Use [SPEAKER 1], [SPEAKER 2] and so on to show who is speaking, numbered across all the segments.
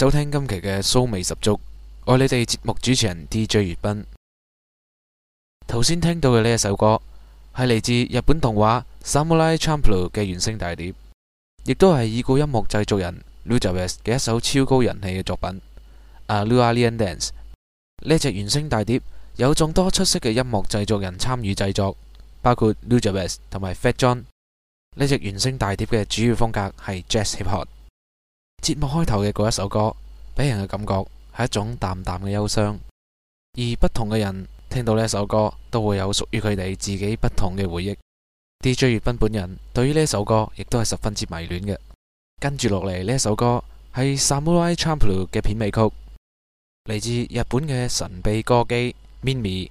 [SPEAKER 1] 收聽今期嘅酥味十足，愛你哋節目主持人 DJ 月斌。頭先聽到嘅呢一首歌係嚟自日本動畫《Samurai Champloo》嘅原聲大碟，亦都係已故音樂製作人 Nujabes 嘅一首超高人氣嘅作品。Aruarian Dance 呢隻原聲大碟有眾多出色嘅音樂製作人參與製作，包括 Nujabes 同埋 Fat John。呢隻原聲大碟嘅主要風格係 Jazz Hip Hop。節目開頭嘅嗰一首歌，俾人嘅感覺係一種淡淡嘅憂傷，而不同嘅人聽到呢一首歌，都會有屬於佢哋自己不同嘅回憶。DJ 月斌本人對於呢首歌，亦都係十分之迷戀嘅。跟住落嚟呢一首歌係 Samurai Champloo 嘅片尾曲，嚟自日本嘅神秘歌姬 Minmi。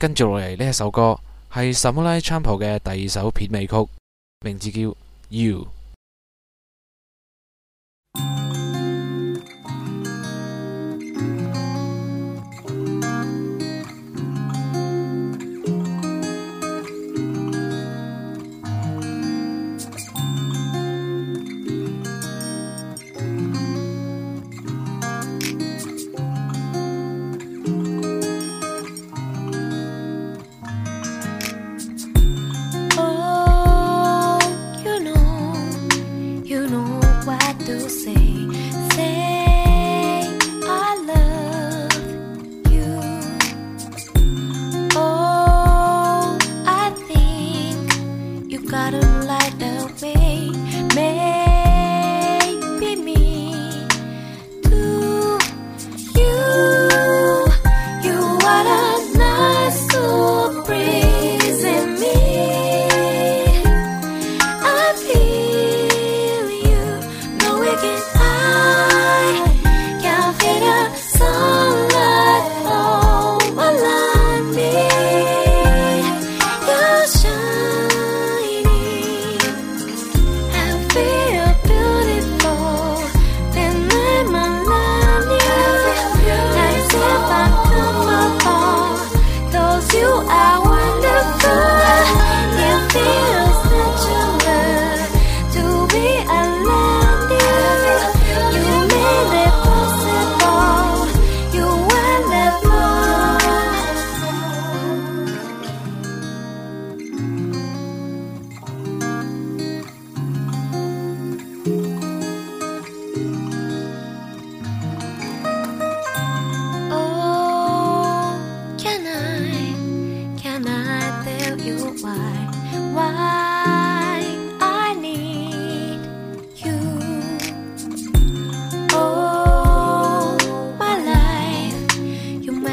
[SPEAKER 1] 跟住落嚟呢一首歌，係 Samurai Champloo 嘅第二首片尾曲，名字叫《You》。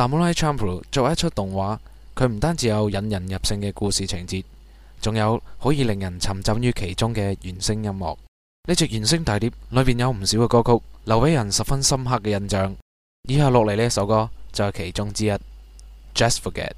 [SPEAKER 1] 《Samurai c h a m p l e 作為一出動畫，佢唔單止有引人入勝嘅故事情節，仲有可以令人沉浸於其中嘅原聲音樂。呢隻原聲大碟裏邊有唔少嘅歌曲，留俾人十分深刻嘅印象。以下落嚟呢首歌就係其中之一，《Just Forget》。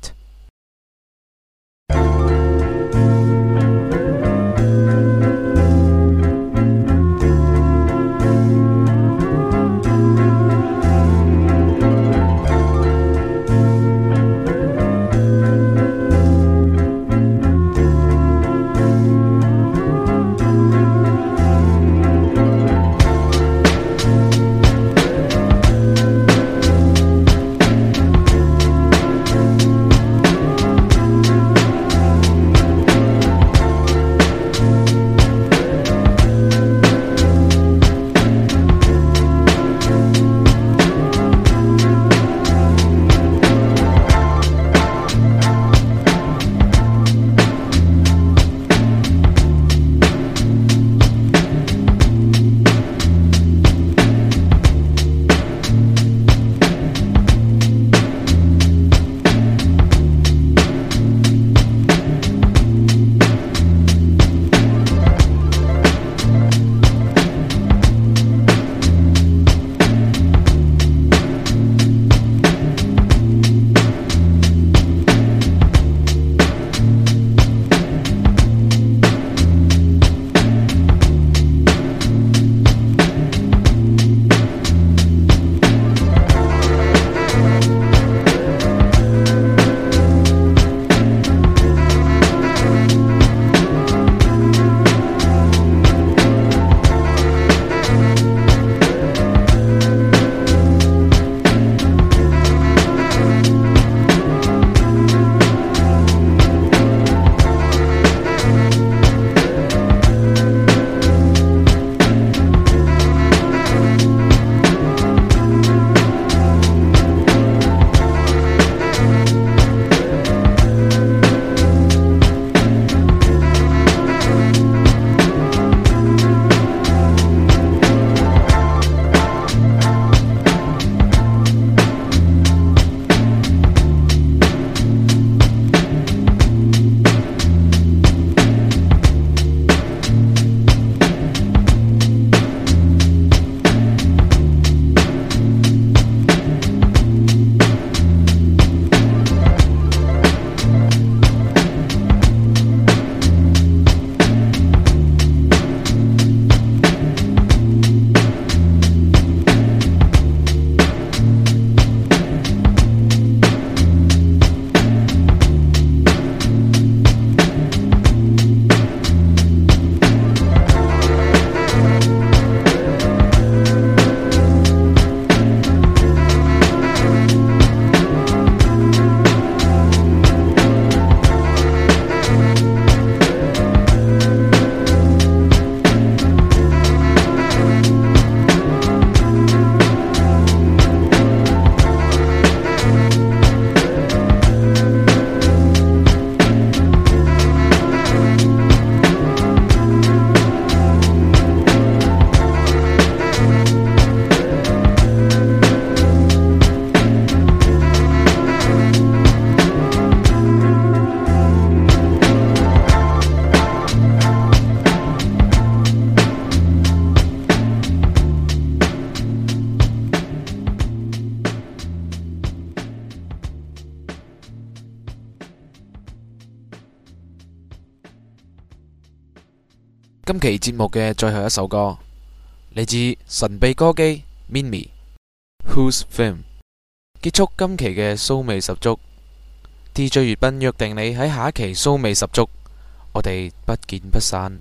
[SPEAKER 1] 今期節目嘅最後一首歌嚟自神秘歌姬 Mimi，Who's Film，結束今期嘅騷味十足 DJ 月斌約定你喺下一期騷味十足，我哋不見不散。